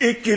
一気に